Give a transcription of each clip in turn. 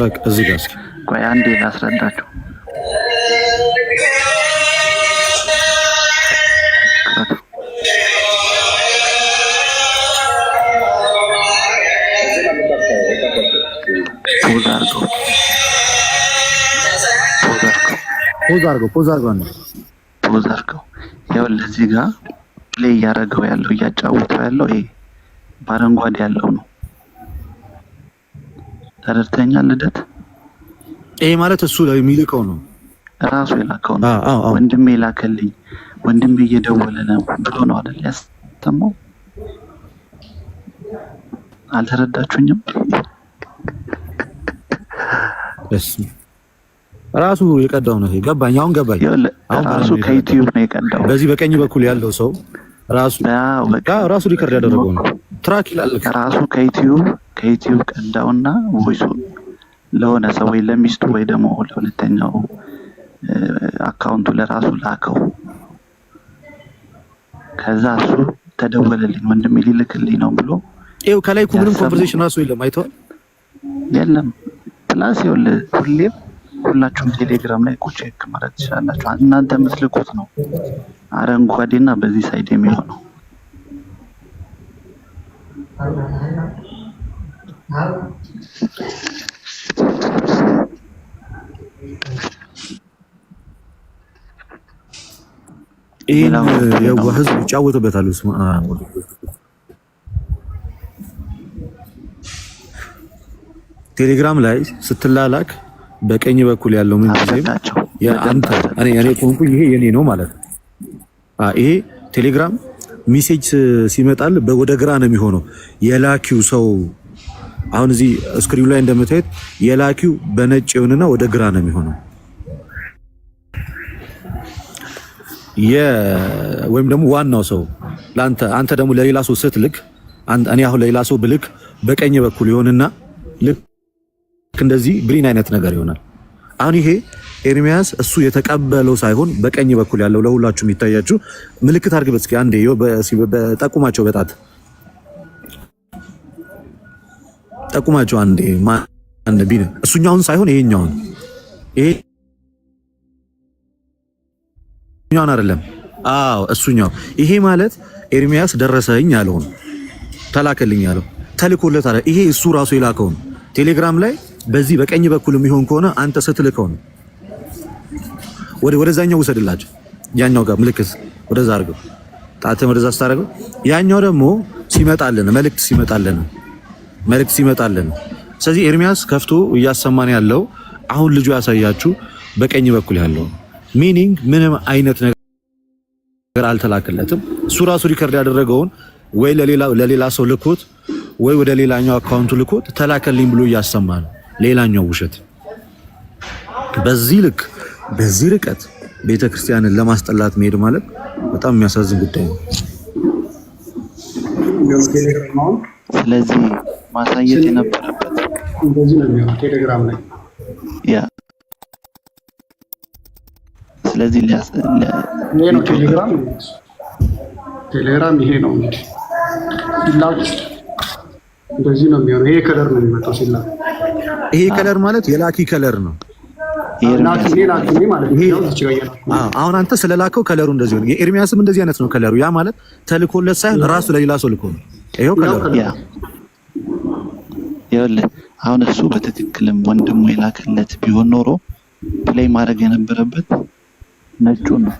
በቃ እዚህ ጋር እስኪ ቆይ አንዴ ላስረዳችሁ። ፖዝ አድርገው ፖዝ አድርገው ነው ፖዝ አድርገው ይኸውልህ፣ እዚህ ጋር ፕሌይ እያደረገው ያለው እያጫወተው ያለው ይሄ በአረንጓዴ ያለው ነው። ተረድተኛል ልደት? ይሄ ማለት እሱ የሚልቀው ነው ራሱ የላከው ነው። ወንድሜ የላከልኝ ወንድሜ እየደወለ ነው ብሎ ነው አይደል ያስተማው። አልተረዳችሁኝም? እሱ ራሱ የቀዳው ነው። ገባኝ፣ አሁን ገባኝ። ራሱ ከዩቲዩብ ነው የቀዳው። በዚህ በቀኝ በኩል ያለው ሰው ራሱ ሪከርድ ያደረገው ነው ትራክ ይላል ከራሱ ከዩቲዩብ ከዩቲዩብ ቀዳውና ቮይሱ ለሆነ ሰው ወይ ለሚስቱ ወይ ደግሞ ለሁለተኛው አካውንቱ ለራሱ ላከው። ከዛ እሱ ተደወለልኝ ወንድሜ ሊልክልኝ ነው ብሎ ይኸው ከላይ እኮ ምንም ኮንቨርሴሽን ራሱ የለም አይተዋል የለም ፕላስ ይወል ሁሌም ሁላችሁም ቴሌግራም ላይ ቁጭ ቼክ ማለት ትችላላችሁ። እናንተ የምትልኩት ነው አረንጓዴና በዚህ ሳይድ የሚሆነው ይህን የዋ ህዝብ ይጫወትበታል። ቴሌግራም ላይ ስትላላክ በቀኝ በኩል ያለው ምን ጊዜም የአንተ እኔ ይሄ የኔ ነው ማለት ነው። ይሄ ቴሌግራም ሜሴጅ ሲመጣል ወደ ግራ ነው የሚሆነው የላኪው ሰው አሁን እዚህ ስክሪኑ ላይ እንደምታዩት የላኪው በነጭ ይሁንና ወደ ግራ ነው የሚሆነው። ወይም ደግሞ ዋናው ሰው ለአንተ አንተ ደግሞ ለሌላ ሰው ስትልክ እኔ አሁን ለሌላ ሰው ብልክ በቀኝ በኩል ይሆንና ልክ እንደዚህ ግሪን አይነት ነገር ይሆናል። አሁን ይሄ ኤርሚያስ እሱ የተቀበለው ሳይሆን በቀኝ በኩል ያለው ለሁላችሁ የሚታያችሁ ምልክት አድርግ። በስኪ አንዴ ጠቁማቸው፣ በጣት ጠቁማቸው አንዴ። ማን ቢነ እሱኛውን ሳይሆን ይሄኛውን፣ ይሄኛውን አይደለም። አዎ እሱኛው። ይሄ ማለት ኤርሚያስ ደረሰኝ ያለውን ተላከልኝ ያለው ተልኮለት አለ። ይሄ እሱ ራሱ የላከውን ቴሌግራም ላይ በዚህ በቀኝ በኩል የሚሆን ከሆነ አንተ ስትልከው ነው። ወደ ወደዛኛው ውሰድላቸው። ያኛው ጋር ምልክት ወደዛ አድርገው፣ ጣትህን ወደዛ ስታደርገው ያኛው ደግሞ ሲመጣልን መልእክት ሲመጣልን መልእክት ሲመጣልን። ስለዚህ ኤርሚያስ ከፍቶ እያሰማን ያለው አሁን ልጁ ያሳያችሁ በቀኝ በኩል ያለው ሚኒንግ ምንም አይነት ነገር አልተላከለትም። እሱ ራሱ ሪከርድ ያደረገውን ወይ ለሌላ ሰው ልኮት ወይ ወደ ሌላኛው አካውንቱ ልኮት ተላከልኝ ብሎ እያሰማ ነው። ሌላኛው ውሸት። በዚህ ልክ በዚህ ርቀት ቤተ ክርስቲያንን ለማስጠላት መሄድ ማለት በጣም የሚያሳዝን ጉዳይ ነው። ስለዚህ ማሳየት የነበረበት ቴሌግራም ስለዚህ ቴሌግራም ይሄ ነው እንግዲህ እንደዚህ ነው የሚሆነው። ይሄ ከለር ነው የሚመጣው ሲላ ይሄ ከለር ማለት የላኪ ከለር ነው። አሁን አንተ ስለላከው ከለሩ እንደዚህ ነው። የኤርሚያስም እንደዚህ አይነት ነው ከለሩ። ያ ማለት ተልኮለት ሳይሆን ራሱ ለሌላ ሰው ልኮ ነው። ይሄው ከለሩ ይኸውልህ። አሁን እሱ በትክክልም ወንድሙ የላከለት ቢሆን ኖሮ ፕሌይ ማድረግ የነበረበት ነጩ ነው።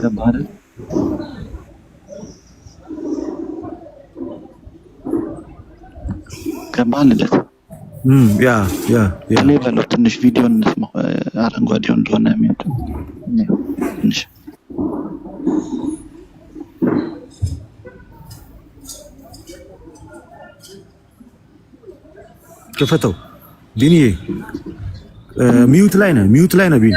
ገባህ አይደል? ገባንለት። እኔ በለው ትንሽ ቪዲዮ እንስማው፣ አረንጓዴው እንደሆነ የሚወጡ ትንሽ ክፈተው ቢኒ፣ ሚዩት ላይ ነህ፣ ሚዩት ላይ ነህ ቢኒ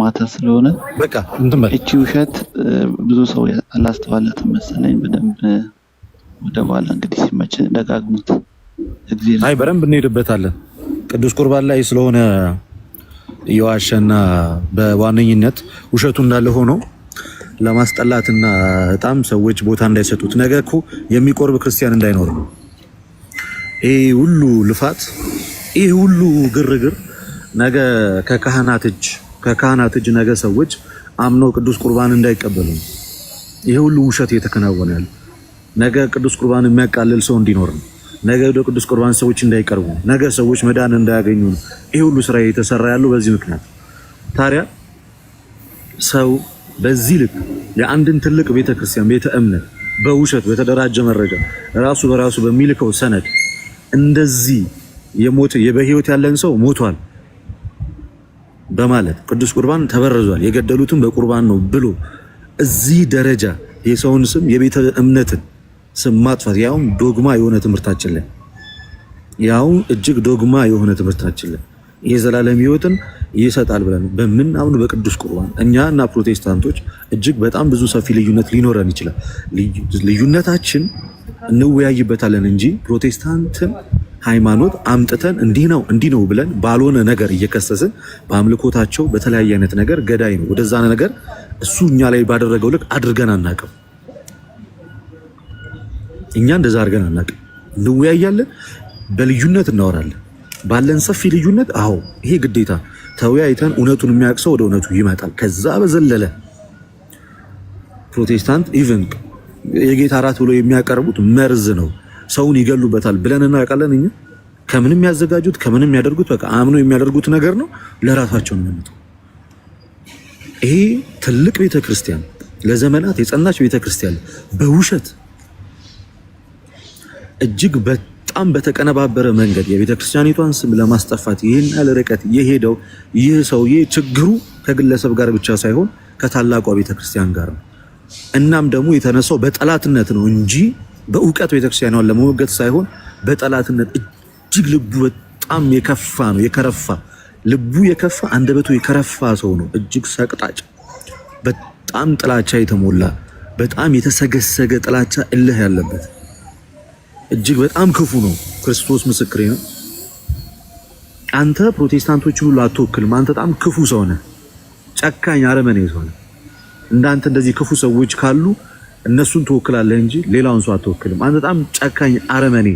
ማተ ስለሆነ እቺ ውሸት ብዙ ሰው አላስተዋለት መሰለኝ። በደንብ ወደ በኋላ እንግዲህ ሲመች ደጋግሙት። አይ በደንብ እንሄድበታለን። ቅዱስ ቁርባን ላይ ስለሆነ እየዋሸና በዋነኝነት ውሸቱ እንዳለ ሆኖ ለማስጠላትና በጣም ሰዎች ቦታ እንዳይሰጡት ነገ እኮ የሚቆርብ ክርስቲያን እንዳይኖር ነው። ይህ ሁሉ ልፋት፣ ይህ ሁሉ ግርግር ነገ ከካህናት እጅ ከካህናት እጅ ነገ ሰዎች አምነው ቅዱስ ቁርባን እንዳይቀበሉ ይሄ ሁሉ ውሸት እየተከናወነ ያለ ነገ ቅዱስ ቁርባን የሚያቃልል ሰው እንዲኖር ነው። ነገ ወደ ቅዱስ ቁርባን ሰዎች እንዳይቀርቡ፣ ነገ ሰዎች መዳን እንዳያገኙ ነው። ይሄ ሁሉ ስራ የተሰራ ያለው በዚህ ምክንያት። ታዲያ ሰው በዚህ ልክ የአንድን ትልቅ ቤተክርስቲያን ቤተ እምነት በውሸት በተደራጀ መረጃ ራሱ በራሱ በሚልከው ሰነድ እንደዚህ የሞት የበህይወት ያለን ሰው ሞቷል በማለት ቅዱስ ቁርባን ተበረዟል፣ የገደሉትም በቁርባን ነው ብሎ እዚህ ደረጃ የሰውን ስም የቤተ እምነትን ስም ማጥፋት ያውም ዶግማ የሆነ ትምህርታችን ላይ ያውም እጅግ ዶግማ የሆነ ትምህርታችን ላይ የዘላለም ሕይወትን ይሰጣል ብለን በምናምኑ በቅዱስ ቁርባን እኛ እና ፕሮቴስታንቶች እጅግ በጣም ብዙ ሰፊ ልዩነት ሊኖረን ይችላል። ልዩነታችን እንወያይበታለን እንጂ ፕሮቴስታንትን ሃይማኖት አምጥተን እንዲህ ነው እንዲህ ነው ብለን ባልሆነ ነገር እየከሰስን በአምልኮታቸው በተለያየ አይነት ነገር ገዳይ ነው ወደዛ ነገር እሱ እኛ ላይ ባደረገው ልክ አድርገን አናቅም። እኛ እንደዛ አድርገን አናቅም። እንወያያለን፣ በልዩነት እናወራለን። ባለን ሰፊ ልዩነት አዎ፣ ይሄ ግዴታ ተወያይተን እውነቱን የሚያቅሰው ወደ እውነቱ ይመጣል። ከዛ በዘለለ ፕሮቴስታንት ኢቨን የጌታ እራት ብሎ የሚያቀርቡት መርዝ ነው። ሰውን ይገሉበታል ብለን እናውቃለን እኛ። ከምንም ያዘጋጁት ከምንም ያደርጉት በቃ አምኖ የሚያደርጉት ነገር ነው። ለራሳቸው ነው። ይሄ ትልቅ ቤተ ክርስቲያን ለዘመናት የጸናች ቤተ ክርስቲያን በውሸት እጅግ በጣም በተቀነባበረ መንገድ የቤተ ክርስቲያኒቷን ስም ለማስጠፋት ይህን ያህል ርቀት የሄደው ይህ ሰውዬ ችግሩ ከግለሰብ ጋር ብቻ ሳይሆን ከታላቋ ቤተ ክርስቲያን ጋር ነው። እናም ደግሞ የተነሳው በጠላትነት ነው እንጂ በእውቀት ቤተክርስቲያኗን ለመሞገት ሳይሆን በጠላትነት እጅግ ልቡ በጣም የከፋ ነው የከረፋ ልቡ የከፋ አንደበቱ የከረፋ ሰው ነው። እጅግ ሰቅጣጭ፣ በጣም ጥላቻ የተሞላ በጣም የተሰገሰገ ጥላቻ እልህ ያለበት እጅግ በጣም ክፉ ነው። ክርስቶስ ምስክሬ ነው። አንተ ፕሮቴስታንቶችን ሁሉ አትወክልም። አንተ በጣም ክፉ ሰው ነህ፣ ጨካኝ አረመኔ ሰው ነህ። እንዳንተ እንደዚህ ክፉ ሰዎች ካሉ እነሱን ትወክላለህ እንጂ ሌላውን ሰው አትወክልም። አንተ በጣም ጨካኝ አረመኔ።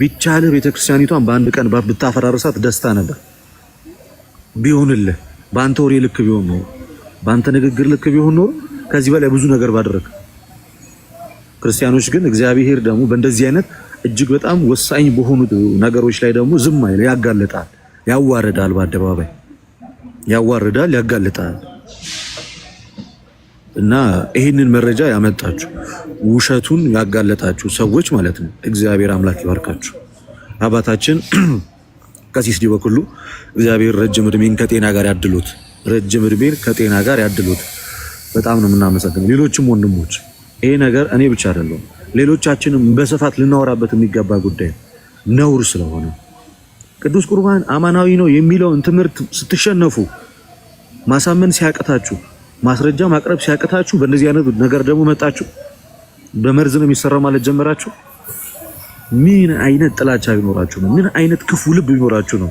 ቢቻልህ ቤተክርስቲያኒቷን በአንድ ቀን ብታፈራርሳት ደስታ ነበር። ቢሆንልህ በአንተ ወሬ ልክ ቢሆን ኖሮ፣ በአንተ ንግግር ልክ ቢሆን ኖሮ ከዚህ በላይ ብዙ ነገር ባደረግ። ክርስቲያኖች ግን እግዚአብሔር ደግሞ በእንደዚህ አይነት እጅግ በጣም ወሳኝ በሆኑ ነገሮች ላይ ደግሞ ዝም አይል፣ ያጋልጣል፣ ያዋርዳል፣ በአደባባይ ያዋርዳል፣ ያጋልጣል። እና ይህንን መረጃ ያመጣችሁ ውሸቱን ያጋለጣችሁ ሰዎች ማለት ነው እግዚአብሔር አምላክ ይባርካችሁ። አባታችን ቀሲስ ዲበኩሉ እግዚአብሔር ረጅም እድሜን ከጤና ጋር ያድሉት፣ ረጅም እድሜን ከጤና ጋር ያድሉት። በጣም ነው የምናመሰግነው። ሌሎችም ወንድሞች ይሄ ነገር እኔ ብቻ አይደለም፣ ሌሎቻችንም በስፋት ልናወራበት የሚገባ ጉዳይ ነውር ስለሆነ ቅዱስ ቁርባን አማናዊ ነው የሚለውን ትምህርት ስትሸነፉ ማሳመን ሲያቅታችሁ ማስረጃ ማቅረብ ሲያቅታችሁ በእንደዚህ አይነት ነገር ደግሞ መጣችሁ በመርዝ ነው የሚሰራው ማለት ጀመራችሁ። ምን አይነት ጥላቻ ቢኖራችሁ ነው? ምን አይነት ክፉ ልብ ቢኖራችሁ ነው?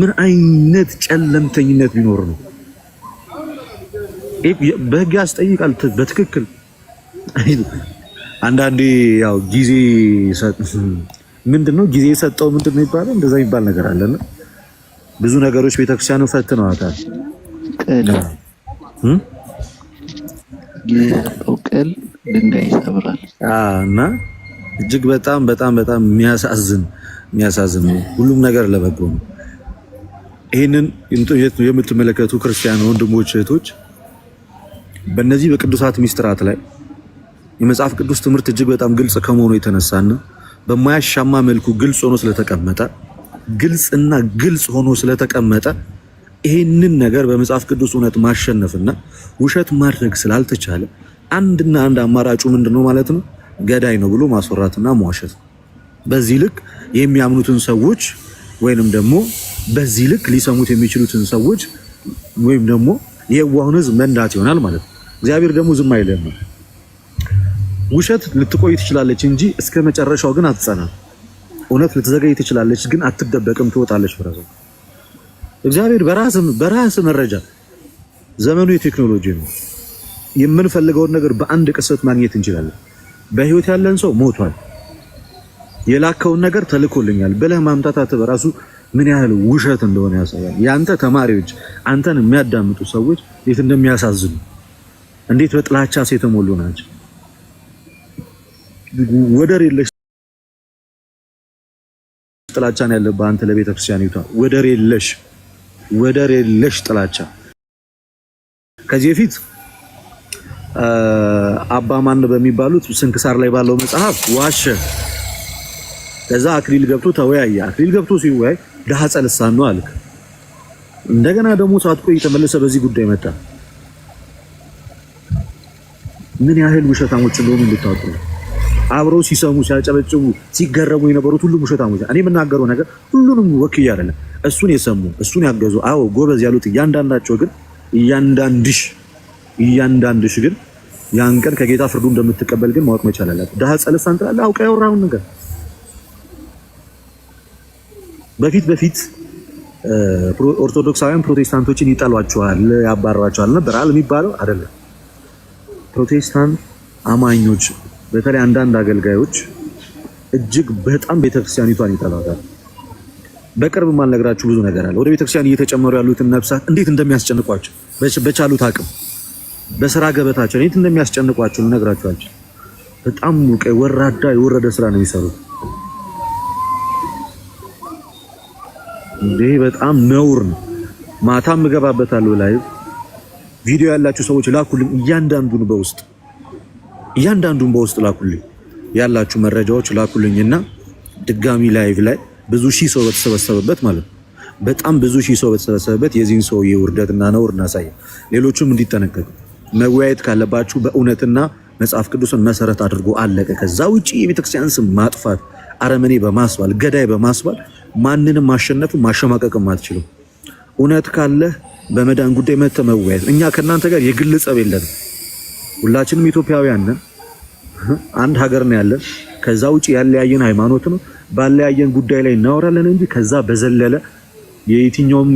ምን አይነት ጨለምተኝነት ቢኖር ነው? በህግ ያስጠይቃል። በትክክል አንዳንዴ ያው ጊዜ ምንድን ነው ጊዜ የሰጠው ምንድን ነው ይባላል፣ እንደዛ የሚባል ነገር አለና ብዙ ነገሮች ቤተክርስቲያኑ ፈትነዋታል። የበቀል ድንጋይ ይሰብራል እና እጅግ በጣም በጣም በጣም የሚያሳዝን የሚያሳዝን ነው። ሁሉም ነገር ለበጎ ነው። ይህንን የምትመለከቱ ክርስቲያን ወንድሞች እህቶች፣ በእነዚህ በቅዱሳት ሚስጥራት ላይ የመጽሐፍ ቅዱስ ትምህርት እጅግ በጣም ግልጽ ከመሆኑ የተነሳና በማያሻማ መልኩ ግልጽ ሆኖ ስለተቀመጠ ግልጽና ግልጽ ሆኖ ስለተቀመጠ ይህንን ነገር በመጽሐፍ ቅዱስ እውነት ማሸነፍና ውሸት ማድረግ ስላልተቻለ አንድና አንድ አማራጩ ምንድን ነው ማለት ነው? ገዳይ ነው ብሎ ማስወራትና መዋሸት ነው። በዚህ ልክ የሚያምኑትን ሰዎች ወይንም ደግሞ በዚህ ልክ ሊሰሙት የሚችሉትን ሰዎች ወይም ደግሞ የዋሁን ህዝብ መንዳት ይሆናል ማለት ነው። እግዚአብሔር ደግሞ ዝም አይልም። ውሸት ልትቆይ ትችላለች እንጂ እስከ መጨረሻው ግን አትጸናም። እውነት ልትዘገይ ትችላለች ግን አትደበቅም፣ ትወጣለች ብረዘው እግዚአብሔር በራስ መረጃ ዘመኑ የቴክኖሎጂ ነው። የምንፈልገውን ነገር በአንድ ቅጽበት ማግኘት እንችላለን። በህይወት ያለን ሰው ሞቷል፣ የላከውን ነገር ተልኮልኛል ብለህ ማምጣታት በራሱ ምን ያህል ውሸት እንደሆነ ያሳያል። የአንተ ተማሪዎች፣ አንተን የሚያዳምጡ ሰዎች እንዴት እንደሚያሳዝኑ እንዴት በጥላቻ የተሞሉ ናቸው። ወደር የለሽ ጥላቻን ነው ያለብህ አንተ ለቤተክርስቲያኒቷ ወደር የለሽ ወደር የለሽ ጥላቻ ከዚህ በፊት አባማን በሚባሉት ስንክሳር ላይ ባለው መጽሐፍ ዋሸ። ከዛ አክሊል ገብቶ ተወያየ። አክሊል ገብቶ ሲወያይ ድሃ ጸልሳን ነው አልክ። እንደገና ደግሞ ሳትቆይ እየተመለሰ በዚህ ጉዳይ መጣ። ምን ያህል ውሸታሞች እንደሆኑ እንድታውቁ አብረው ሲሰሙ ሲያጨበጭቡ ሲገረሙ የነበሩት ሁሉም ውሸታሞች። እኔ የምናገረው ነገር ሁሉንም ወክዬ አይደለም። እሱን የሰሙ እሱን ያገዙ አዎ ጎበዝ ያሉት እያንዳንዳቸው ግን እያንዳንድሽ እያንዳንድሽ ግን ያን ቀን ከጌታ ፍርዱ እንደምትቀበል ግን ማወቅ መቻል አለብህ። ዳህ ጸለሳ እንትላለህ አውቀህ ያወራኸውን ነገር በፊት በፊት ኦርቶዶክሳውያን ፕሮቴስታንቶችን ይጠሏቸዋል፣ ያባሯቸዋል ነበር አለ የሚባለው አይደለም ፕሮቴስታንት አማኞች በተለይ አንዳንድ አገልጋዮች እጅግ በጣም ቤተክርስቲያኒቷን ይጠላታል። በቅርብ ማልነግራችሁ ብዙ ነገር አለ። ወደ ቤተክርስቲያን እየተጨመሩ ያሉትን ነፍሳት እንዴት እንደሚያስጨንቋቸው በቻሉት አቅም በስራ ገበታቸው እንዴት እንደሚያስጨንቋቸው ልነግራችኋለሁ። በጣም ቀይ ወራዳ የወረደ ስራ ነው የሚሰሩት። እንዴ በጣም ነውር ነው። ማታም እገባበታለሁ ላይ ቪዲዮ ያላችሁ ሰዎች ላኩልኝ እያንዳንዱን በውስጥ እያንዳንዱን በውስጥ ላኩልኝ፣ ያላችሁ መረጃዎች ላኩልኝ እና ድጋሚ ላይቭ ላይ ብዙ ሺህ ሰው በተሰበሰበበት ማለት ነው በጣም ብዙ ሺህ ሰው በተሰበሰበበት የዚህን ሰውዬ እና ነውር እናሳየ፣ ሌሎቹም እንዲጠነቀቁ። መወያየት ካለባችሁ በእውነትና መጽሐፍ ቅዱስን መሰረት አድርጎ አለቀ። ከዛ ውጭ የቤተክርስቲያን ስም ማጥፋት፣ አረመኔ በማስባል ገዳይ በማስባል ማንንም ማሸነፉ ማሸማቀቅም አትችሉም። እውነት ካለህ በመዳን ጉዳይ መተ መወያየት። እኛ ከእናንተ ጋር የግል ጸብ የለንም። ሁላችንም ኢትዮጵያውያን ነን። አንድ ሀገር ነው ያለን። ከዛ ውጪ ያለያየን ሃይማኖት ነው። ባለያየን ጉዳይ ላይ እናወራለን እንጂ ከዛ በዘለለ የየትኛውም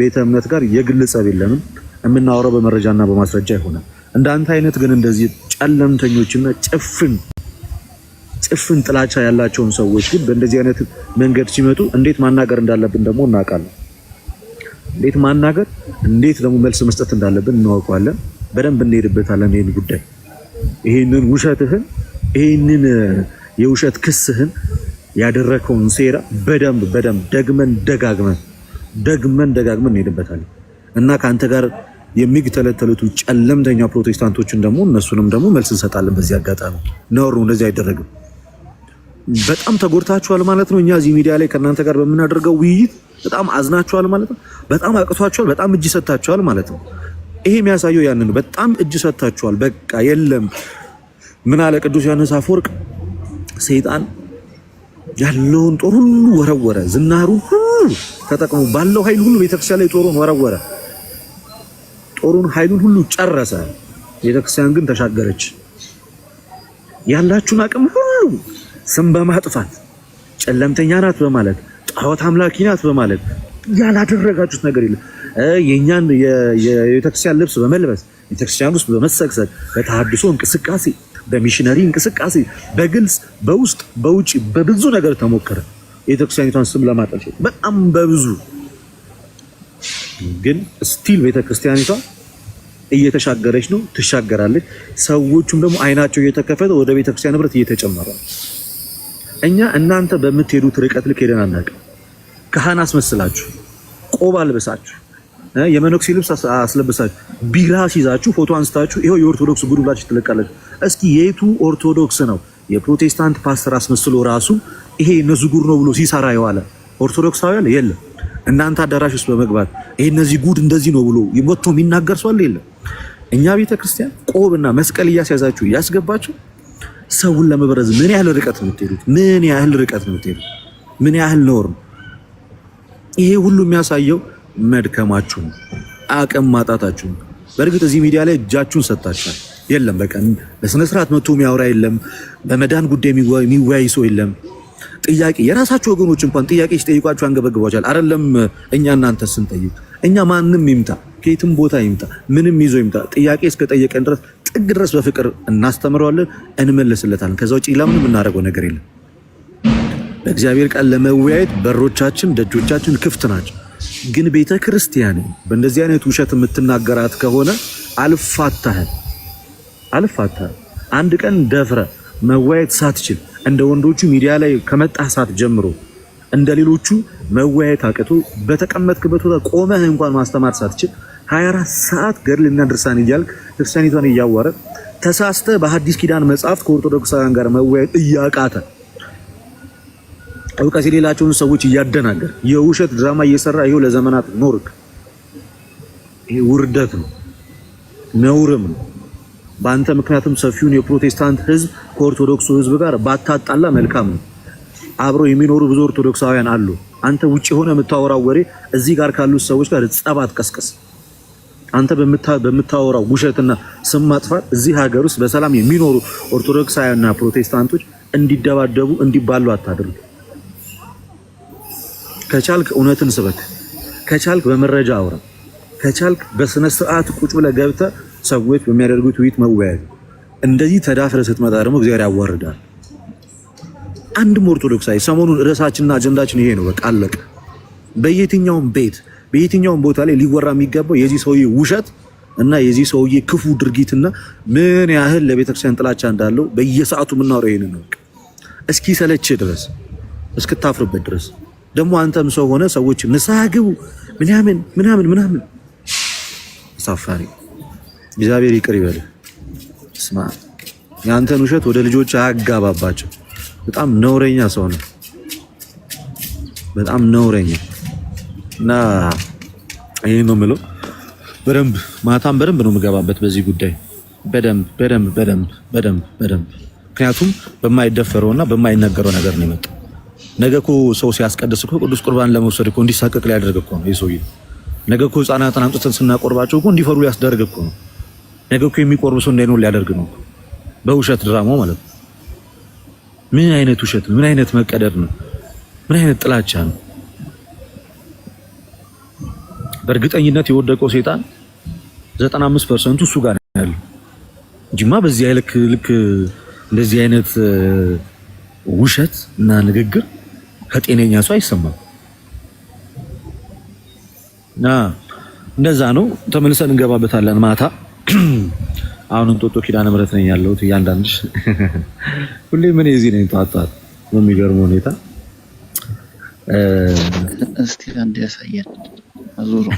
ቤተ እምነት ጋር የግል ጸብ የለንም። የምናወራው በመረጃና በማስረጃ ይሆናል። እንዳንተ አይነት ግን እንደዚህ ጨለምተኞችና ጭፍን ጭፍን ጥላቻ ያላቸውን ሰዎች ግን በእንደዚህ አይነት መንገድ ሲመጡ እንዴት ማናገር እንዳለብን ደግሞ እናውቃለን። እንዴት ማናገር እንዴት ደግሞ መልስ መስጠት እንዳለብን እናውቀዋለን። በደንብ እንሄድበታለን ይህን ጉዳይ ይህንን ውሸትህን ይህንን የውሸት ክስህን ያደረከውን ሴራ በደንብ በደንብ ደግመን ደጋግመን ደግመን ደጋግመን እንሄድበታለን እና ከአንተ ጋር የሚግተለተሉት ጨለምተኛ ፕሮቴስታንቶችን ደግሞ እነሱንም ደግሞ መልስ እንሰጣለን። በዚህ አጋጣሚ ነውር ነው፣ እንደዚህ አይደረግም። በጣም ተጎድታችኋል ማለት ነው። እኛ እዚህ ሚዲያ ላይ ከእናንተ ጋር በምናደርገው ውይይት በጣም አዝናችኋል ማለት ነው። በጣም አቅቷችኋል፣ በጣም እጅ ሰጥታችኋል ማለት ነው። ይሄ የሚያሳየው ያንን በጣም እጅ ሰጥታችኋል። በቃ የለም ምን አለ ቅዱስ ዮሐንስ አፈወርቅ ሰይጣን ያለውን ጦር ሁሉ ወረወረ፣ ዝናሩን ሁሉ ተጠቅሞ ባለው ኃይል ሁሉ ቤተክርስቲያን ላይ ጦሩን ወረወረ። ጦሩን ኃይሉን ሁሉ ጨረሰ። ቤተክርስቲያን ግን ተሻገረች። ያላችሁን አቅም ሁሉ ስም በማጥፋት ጨለምተኛ ናት በማለት ጣዖት አምላኪ ናት በማለት ያላደረጋችሁት ነገር የለም። የእኛን የቤተክርስቲያን ልብስ በመልበስ ቤተክርስቲያን ውስጥ በመሰግሰግ በተሃድሶ እንቅስቃሴ በሚሽነሪ እንቅስቃሴ በግልጽ በውስጥ በውጭ በብዙ ነገር ተሞከረ። የቤተክርስቲያኒቷን ስም ለማጠልሸት በጣም በብዙ ግን ስቲል ቤተክርስቲያኒቷ እየተሻገረች ነው፣ ትሻገራለች። ሰዎቹም ደግሞ አይናቸው እየተከፈተ ወደ ቤተክርስቲያን ንብረት እየተጨመረ ነው። እኛ እናንተ በምትሄዱት ርቀት ልክ ሄደን አናውቅም። ካህን አስመስላችሁ ቆብ አልበሳችሁ የመነኩሴ ልብስ አስለብሳችሁ ቢራ ሲይዛችሁ ፎቶ አንስታችሁ ይኸው የኦርቶዶክስ ጉድ ብላችሁ ትለቃላችሁ። እስኪ የቱ ኦርቶዶክስ ነው የፕሮቴስታንት ፓስተር አስመስሎ ራሱ ይሄ እነሱ ጉድ ነው ብሎ ሲሰራ የዋለ ኦርቶዶክሳዊ አለ የለም። እናንተ አዳራሽ ውስጥ በመግባት ይሄ እነዚህ ጉድ እንደዚህ ነው ብሎ ወጥቶ የሚናገር ሰው አለ የለም። እኛ ቤተ ክርስቲያን ቆብና መስቀል እያስያዛችሁ እያስገባችሁ ሰውን ለመብረዝ ምን ያህል ርቀት ነው የምትሄዱት? ምን ያህል ርቀት ነው የምትሄዱት? ምን ያህል ኖር ነው ይሄ ሁሉ የሚያሳየው መድከማችሁን፣ አቅም ማጣታችሁን። በእርግጥ እዚህ ሚዲያ ላይ እጃችሁን ሰጥታችኋል። የለም በቀን በስነ ስርዓት መጥቶ የሚያወራ የለም። በመዳን ጉዳይ የሚወያይ ሰው የለም። ጥያቄ የራሳችሁ ወገኖች እንኳን ጥያቄ ሲጠይቋችሁ አንገበግቧችኋል። አይደለም እኛ እናንተ ስንጠይቅ እኛ ማንም ይምጣ ከየትም ቦታ ይምጣ ምንም ይዞ ይምጣ ጥያቄ እስከጠየቀን ድረስ ጥግ ድረስ በፍቅር እናስተምረዋለን፣ እንመለስለታለን። ከዛ ውጭ ለምንም እናደርገው ነገር የለም። በእግዚአብሔር ቃል ለመወያየት በሮቻችን፣ ደጆቻችን ክፍት ናቸው። ግን ቤተ ክርስቲያን በእንደዚህ አይነት ውሸት የምትናገራት ከሆነ አልፋታህም፣ አልፋታህም። አንድ ቀን ደፍረ መወያየት ሳትችል እንደ ወንዶቹ ሚዲያ ላይ ከመጣህ ሰዓት ጀምሮ እንደ ሌሎቹ መወያየት አቅቶ በተቀመጥክበት ቦታ ቆመህ እንኳን ማስተማር ሳትችል 24 ሰዓት ገድልና ድርሳን እያልክ ክርስቲያኒቷን እያዋረ ተሳስተ በሐዲስ ኪዳን መጽሐፍት ከኦርቶዶክሳውያን ጋር መወያየት እያቃተ እውቀት የሌላቸውን ሰዎች እያደናገር የውሸት ድራማ እየሰራ ይሄው ለዘመናት ኖርክ። ይሄ ውርደት ነው፣ ነውርም ነው። በአንተ ምክንያቱም ሰፊውን የፕሮቴስታንት ህዝብ ከኦርቶዶክሱ ህዝብ ጋር ባታጣላ መልካም ነው። አብረው የሚኖሩ ብዙ ኦርቶዶክሳውያን አሉ። አንተ ውጪ የሆነ የምታወራው ወሬ እዚህ ጋር ካሉት ሰዎች ጋር ጸባት ቀስቀስ። አንተ በምታወራው ውሸትና ስም ማጥፋት እዚህ ሀገር ውስጥ በሰላም የሚኖሩ ኦርቶዶክሳውያንና ፕሮቴስታንቶች እንዲደባደቡ እንዲባሉ አታድርግ። ከቻልክ እውነትን ስበክ፣ ከቻልክ በመረጃ አውራ፣ ከቻልክ በስነ ስርዓት ቁጭ ብለህ ገብተህ ሰዎች በሚያደርጉት ውይይት መወያየት። እንደዚህ ተዳፍረ ስትመጣ ደግሞ እግዚአብሔር ያዋርዳል። አንድም ኦርቶዶክሳዊ ሰሞኑን ርዕሳችንና አጀንዳችን ይሄ ነው። በቃ አለቀ። በየትኛውም ቤት በየትኛውም ቦታ ላይ ሊወራ የሚገባው የዚህ ሰውዬ ውሸት እና የዚህ ሰውዬ ክፉ ድርጊትና ምን ያህል ለቤተክርስቲያን ጥላቻ እንዳለው በየሰዓቱ የምናወራው ይሄንን ነው። እስኪ ሰለች ድረስ እስክታፍርበት ድረስ ደግሞ አንተም ሰው ሆነ ሰዎች ንስሐ ግቡ ምናምን ምናምን ምናምን አሳፋሪ። እግዚአብሔር ይቅር ይበል። ስማ የአንተን ውሸት ወደ ልጆች አያጋባባቸው። በጣም ነውረኛ ሰው ነው። በጣም ነውረኛ እና ይህ ነው የምለው። በደንብ ማታም በደንብ ነው የምገባበት በዚህ ጉዳይ በደንብ በደንብ በደንብ በደንብ በደንብ ምክንያቱም በማይደፈረውና በማይነገረው ነገር ነው የመጣው። ነገ እኮ ሰው ሲያስቀድስ እኮ ቅዱስ ቁርባን ለመውሰድ እኮ እንዲሳቀቅ ሊያደርግ እኮ ነው ይሰውይ ነገ እኮ ህፃናትን አምጥተን ስናቆርባቸው እኮ እንዲፈሩ ሊያስደርግ እኮ ነው። ነገ እኮ የሚቆርብ ሰው እንዳይኖር ሊያደርግ ነው። በውሸት ድራማ ማለት ነው። ምን አይነት ውሸት ነው? ምን አይነት መቀደር ነው? ምን አይነት ጥላቻ ነው? በእርግጠኝነት የወደቀው ሴጣን 95 ፐርሰንቱ እሱ ጋር ነው ያለው እንጂማ በዚህ ልክ ልክ እንደዚህ አይነት ውሸት እና ንግግር ከጤነኛ ሰው አይሰማም። እንደዛ ነው። ተመልሰን እንገባበታለን ማታ። አሁን እንጦጦ ኪዳነ ምሕረት ነኝ ያለሁት። እያንዳንድሽ ሁሌ ምን የዚህ ነኝ ጧት ጧት በሚገርም ሁኔታ እስቲ አንድ ያሳየን አዙሮ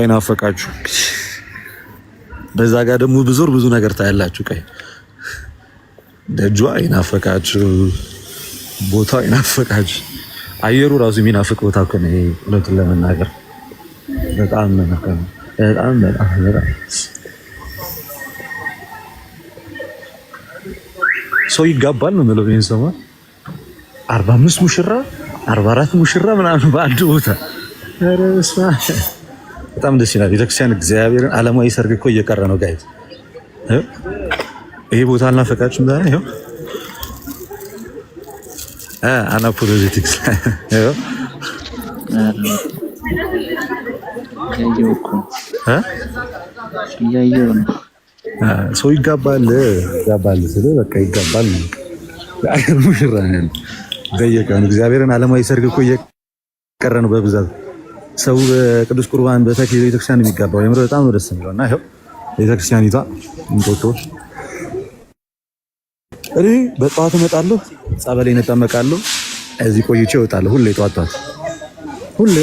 አይናፈቃችሁ በዛ ጋር ደግሞ ብዙ ብዙ ነገር ታያላችሁ። ቀይ ደጇ ይናፈቃችሁ፣ ቦታው ይናፈቃችሁ። አየሩ ራሱ የሚናፍቅ ቦታ እኮ ነው። እውነቱን ለመናገር በጣም በጣም በጣም ሰው ይጋባል ነው የምለው። ይሄን ሰሞን አርባ አምስት ሙሽራ አርባ አራት ሙሽራ ምናምን በአንድ ቦታ በጣም ደስ ይላል። ቤተክርስቲያን እግዚአብሔርን አለማዊ ሰርግ እኮ እየቀረ ነው ጋይዝ። ይሄ ቦታ አልናፈቃችሁም? ዛሬ ይኸው አ አናፖሎጂቲክስ ይኸው እያየሁ ነው። ሰው ይጋባል ይጋባል ስለ በቃ ይጋባል ነው ለአገር ሙሽራ በየቀኑ እግዚአብሔርን ዓለማዊ ሰርግ እኮ እየቀረ ነው በብዛት ሰው በቅዱስ ቁርባን በተክሊል ቤተክርስቲያን የሚጋባው የምር በጣም ነው ደስ የሚለው እና ይኸው ቤተክርስቲያኒቷ እንጦጦ እኔ በጠዋት እመጣለሁ፣ ጸበል እጠመቃለሁ፣ እዚህ ቆይቼ እወጣለሁ። ሁሌ ጠዋት ጠዋት ሁሌ